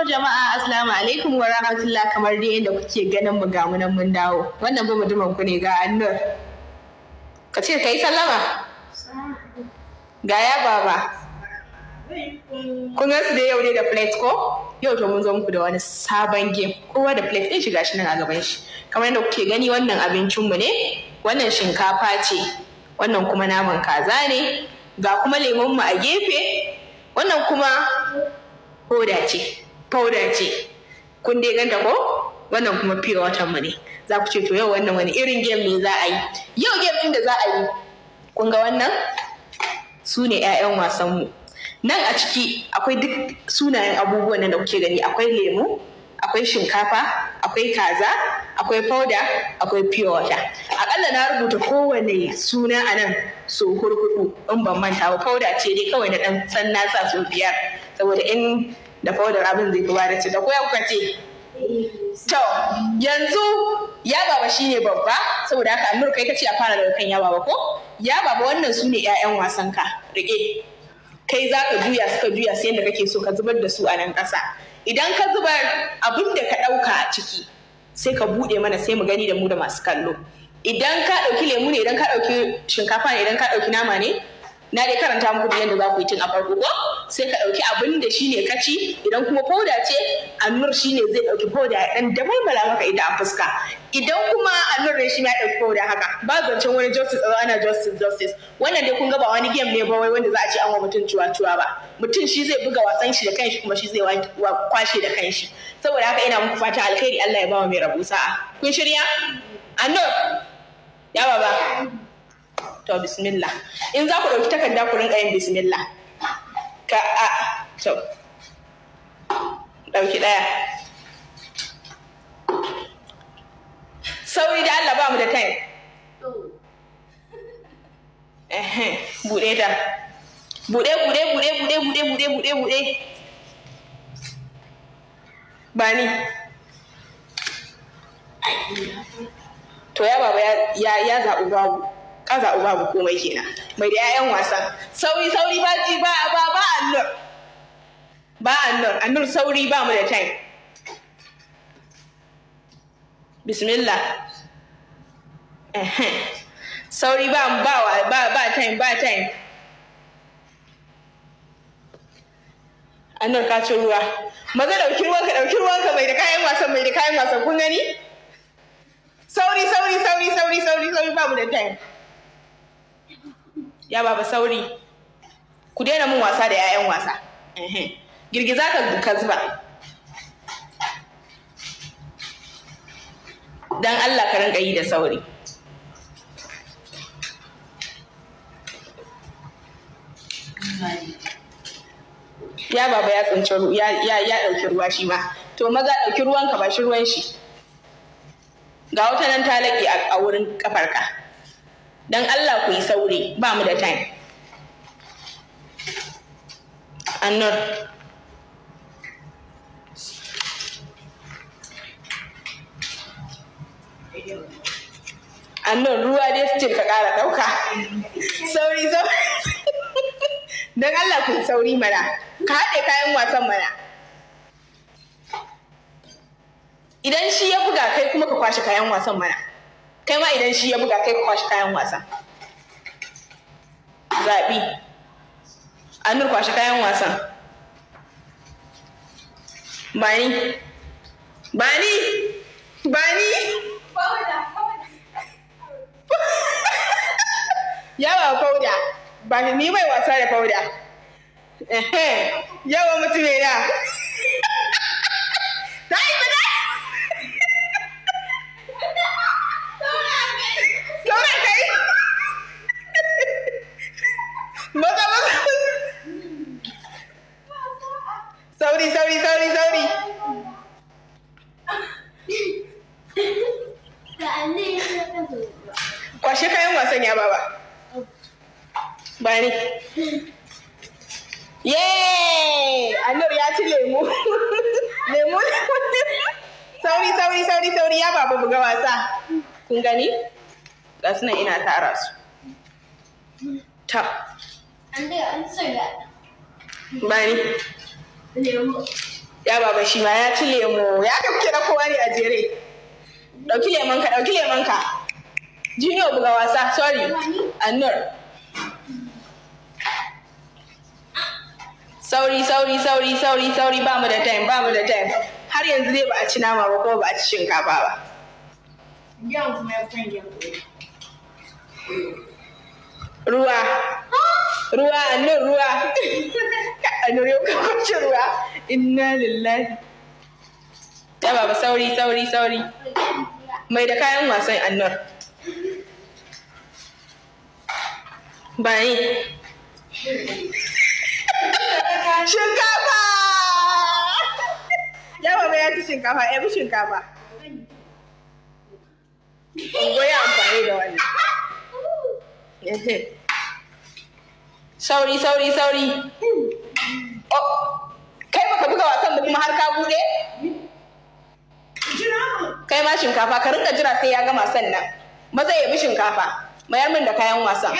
farko jama'a assalamu alaikum wa rahmatullah kamar dai yadda kuke ganin mu ga munan mun dawo wannan ba mutumin ku ne ga annur ka ce kai sallama ga ya baba kun gansu da yau ne da plate ko yau to mun zo muku da wani sabon game kowa da plate din shiga shi nan a gaban shi kamar yadda kuke gani wannan abincin mu ne wannan shinkafa ce wannan kuma naman kaza ne ga kuma lemon mu a gefe wannan kuma hoda ce fauda ce kun dai ganta ko wannan kuma pure water mu ne za ku ce to yau wannan wani irin game ne za a yi yau game inda da za a yi kun ga wannan su ne 'ya'yan wasan mu nan a ciki akwai duk sunayen abubuwan nan da kuke gani akwai lemu akwai shinkafa akwai kaza akwai fauda akwai pure water akalla na rubuta kowane suna a nan so hurhudu in ban manta ba fauda ce dai kawai na dan san na sa so biyar saboda in da faudar abin zai fi bada ce da kuka ce. to yanzu ya baba shi ne babba saboda haka annur kai kace a fara daga kan ya baba ko ya baba wannan su ne 'ya'yan wasan ka rike kai za ka juya suka juya sai yadda kake so ka zubar da su a nan ƙasa idan ka zubar abin da ka ɗauka a ciki sai ka buɗe mana sai mu gani da mu da masu kallo idan ka ɗauki lemu ne idan ka ɗauki shinkafa ne idan ka ɗauki nama ne na dai karanta muku da yadda za ku yi tun a farko ko sai ka ɗauki abin da shine kaci idan kuma foda ce shi shine zai ɗauki foda ya ɗan damalmala haka ita a fuska idan kuma annur ne shi ma ya ɗauki foda haka ba zancen wani justice tsaro ana justice justice wannan dai kun ga ba wani game ne ba wai wanda za a ce an wa mutum cuwa-cuwa ba mutum shi zai buga wasan shi da kanshi kuma shi zai kwashe da kanshi saboda haka ina muku fata alkhairi Allah ya bawa mai rabu sa'a kun shirya annur ya baba to bismillah in za ku ɗauki takarda ku rinka yin bismillah ka a to ɗauki ɗaya sauri da Allah ba mu da time buɗe ta buɗe buɗe buɗe buɗe buɗe buɗe buɗe buɗe ba ni to ya baba ya zaɓi babu kaga babu komai kenan mai da 'ya'yan wasa sauri sauri ba ji ba ba ba annur ba annur annur sauri ba mu da time bismillah sauri ba mu ba ba ba time ba time annur ka ci ruwa maza dauki ruwanka dauki ruwanka mai da kayan wasan mai da kayan wasan kun gani sauri sauri sauri sauri sauri sauri ba mu da time ya baba sauri ku daina mun wasa da 'ya'yan wasa girgiza ka ka zuba dan Allah ka rinka yi da sauri ya baba ya tsinci ya ya dauki ruwa shi ma to maza dauki ruwan ka ba shi ruwan shi ga wata nan ta laƙe a wurin kafarka don Allah ku yi sauri ba mu da time annar annar ruwa dai ce ka ƙara ɗauka sauri sauri don Allah ku yi sauri mana ka haɗe kayan wasan mana idan shi ya buga kai kuma ka kwashe kayan wasan mana kai ma idan shi ya buga kai ka kwashi kayan wasa zaɓi anur kwashi kayan wasa. bani bani bani yawa fauda ba ni mai wasa da fauda yawa mutum ya maza maza sauri sauri sauri sauri kwashe kayan wasan ya baba ba ni yay anur ya ci lemu lemu sauri sauri sauri sauri ya baba buga wasa kun gani ga ina tara su tap An Bani. Lemo. Ya baba shi ma ya ci lemo. Ya ka kira kowa ne a jere. Dauki lemon ka, dauki lemon ka. Junior buga wasa, sorry. Annur. Sauri, sauri, sauri, sauri, sauri, ba mu da time, ba mu da time. Har yanzu zai ba a ci nama ba ko ba a ci shinkafa ba. Ruwa. ruwa nan ruwa annur yau ka kwace ruwa inna lillahi ya baba sauri sauri sauri mai da kayan wasan annar. bayi shinkafa ya baba ya ci shinkafa ya bi shinkafa Ungo ya amfani da wannan. sauri sauri sauri oh, kai baka buga wasan da kuma har ka bude kai ma shinkafa ka rinka jira sai ya gama sannan maza ya bi shinkafa mayar min da kayan wasan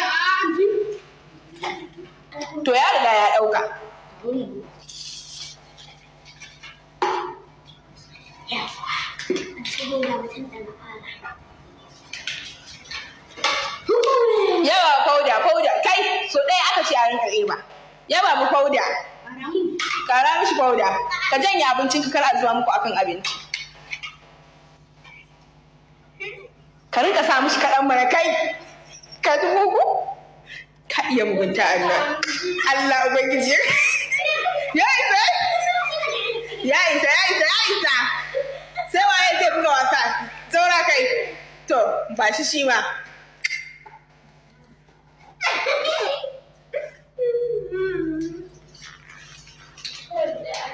to ya riga ya dauka Yeah. yawa fauda fauda kai so ɗaya aka ce a rinka ɗeba yaba mu fauda kara mishi fauda ka janye abincin ka kar a zuwa muku akan abinci ka rinka sa mishi kaɗan mana kai ka dubu ku ka iya mugunta Allah Allah ubangiji ya isa ya isa ya isa ya isa sai waye zai buga wasa zaura kai to ba shi shi ma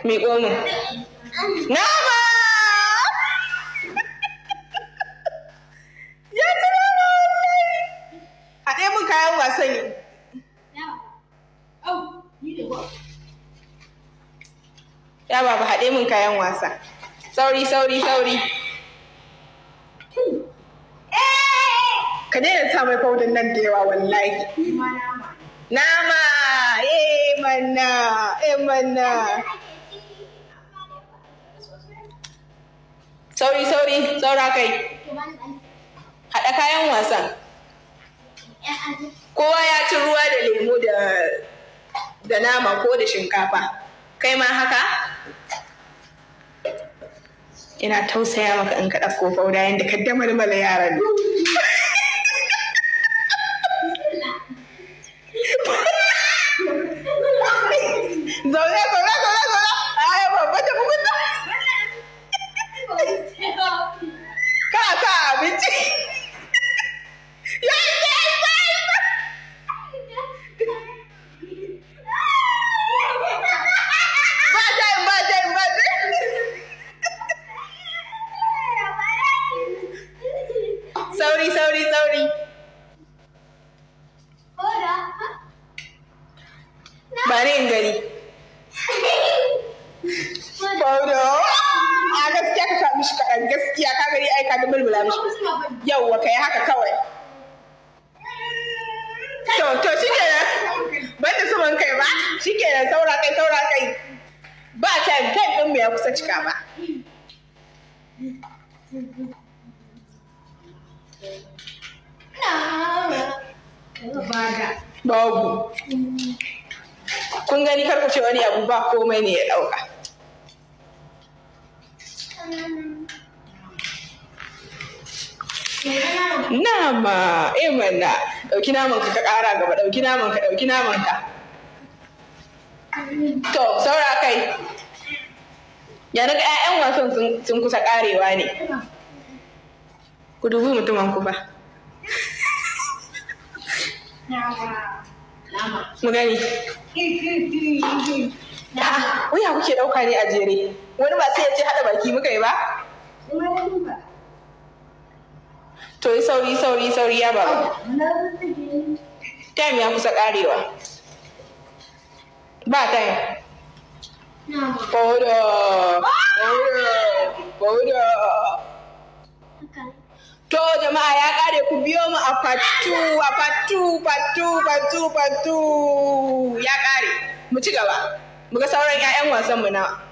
miƙo min nama ya ci nama wallahi haɗe min kayan wasa ne. ya baba haɗe min kayan wasa sauri sauri sauri ka daina sa mai faudin nan da yawa wallahi nama eh manna eh manna sauri sauri saura kai haɗa kayan wasan kowa ya ci ruwa da lemu da nama ko da shinkafa kai ma haka ina tausaya maka in ka ɗauko fauda yadda ka damar mana yaran girgiza mishi fuska yawwa kai haka kawai to to shikenan banda saman kai ba shikenan saura kai saura kai ba time kai din mu kusa cika ba babu kun gani karku ce wani abu ba komai ne ya dauka nama eh mana dauki naman ka ka kara gaba dauki naman ka dauki naman ka to saura kai ya daga ƴaƴan wasan sun kusa karewa ne ku dubi mutumin ku ba mu gani wuya kuke dauka ne a jere wani ba sai ya ce hada baki muka yi ba to yi sauri sauri sauri ya babu oh, time ya kusa karewa ba time Boda, To jama'a ya kare ku biyo mu a fatu, a fatu, fatu, fatu, fatu. Ya kare. Mu ci gaba. Mu ga sauran 'ya'yan wasan mu na